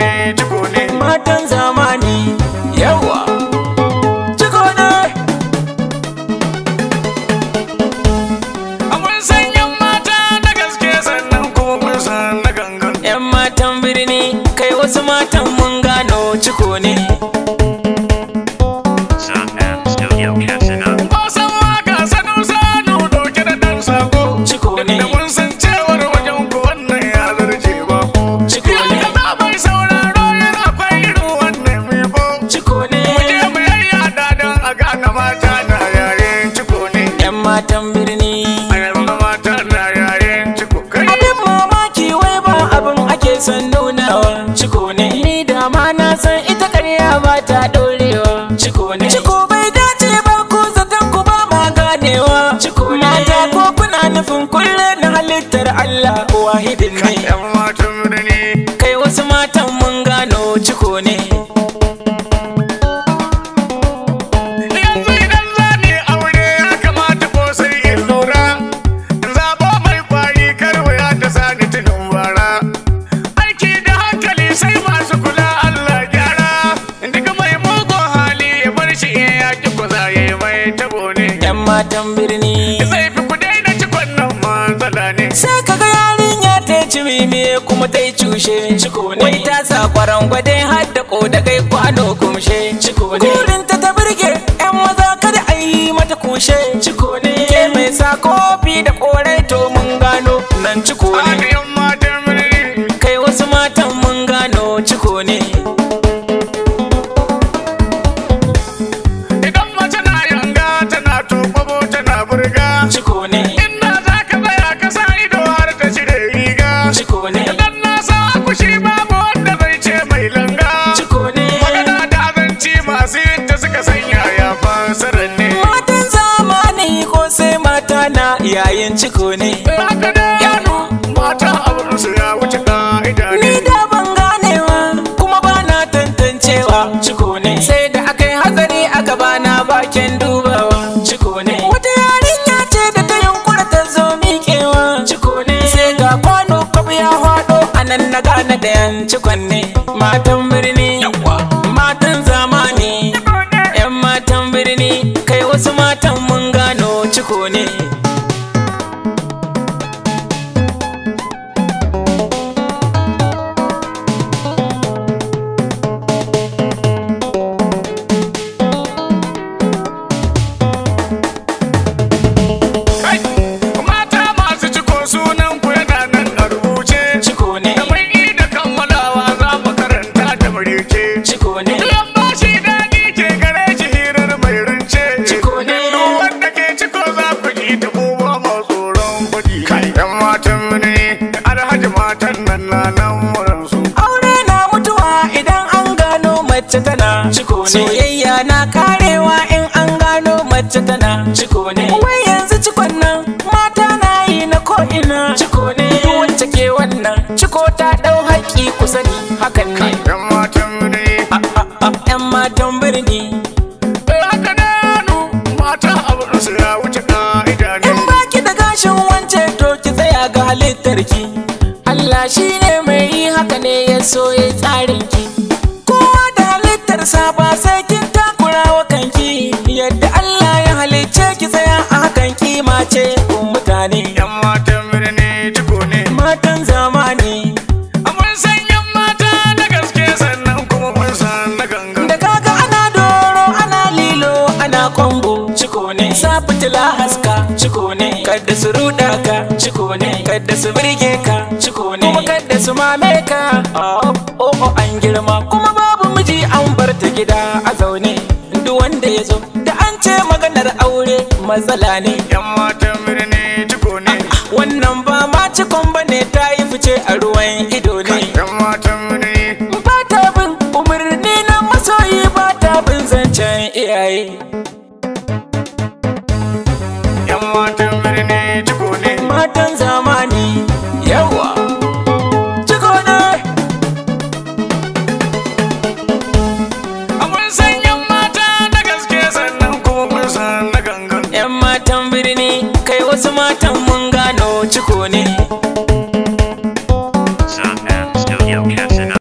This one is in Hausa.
birni jiko ne matan zamani yawa jiko ne akwai sanyin mata na gaske sannan kuma kun san na gangan yan matan birni kai wasu matan mun gano jiko ne san nunawa ciko ne ni da ma na san ita ƙarya ba ta ɗorewa ciko ne ciko bai dace ba ko zaton ku ba ma ganewa ciko mata ko kuna nufin kulle na halittar Allah wahi matan birni zai fi kudai da ci kwannan matsala ne sai ka ga yarinya ta ci mimiye kuma ta yi cushe ciko wai ta sa kwaran gwade har da ko da kai kwano kumshe ciko kurin ta ta birge yan maza kada a yi mata kushe ciko ke mai sa kofi da korai to mun gano nan ciko ne yayin ciko ne mata abin su ya wuce ka'ida ne ni da ban ganewa kuma ba na tantancewa ciko ne sai da aka yi hatsari aka bana bakin dubawa ciko ne wata yarinya ce da ta yunkura ta zo miƙewa ciko ne sai ga kwano kwab ya haɗo a nan na gane da yan cikon ne matan birni matan zamani yan matan birni kai wasu matan mun gano ciko ne mace tana ciko ne soyayya na karewa in an gano mace tana ciko ne wai yanzu cikon nan mata na yi na ko ina ciko ne wacce ke wannan ciko ta dau haƙi ku sani hakan ne yan matan ne yan matan birni halittarki Allah shi ne mai haka ne ya so ya tsarinki saba sai kin takura wa kanki yadda Allah ya halicce ki tsaya a hakan kima ce mutane yan matan birni jiko ne matan zamani mun san yan mata na gaske sannan kuma mun san na ganga da kaga ana doro ana lilo ana kongo ciko ne sa fitila haska ciko ne kadda su ruda ka ciko ne kadda su birge ka ciko ne kuma kadda su mame ka oh, oh oh an girma kuma ba gida a zaune duk wanda ya zo da an ce maganar aure matsala ne yan mata birni ciko ne ah, ah, wannan ba ma cikon ba ne ta yi fice a ruwan ido ne yan mata birni ba ta bin umarni na masoyi ba ta bin zancen iyaye yan mata birni ciko ne matan zamani matan birni kai wasu matan mun gano ciko ne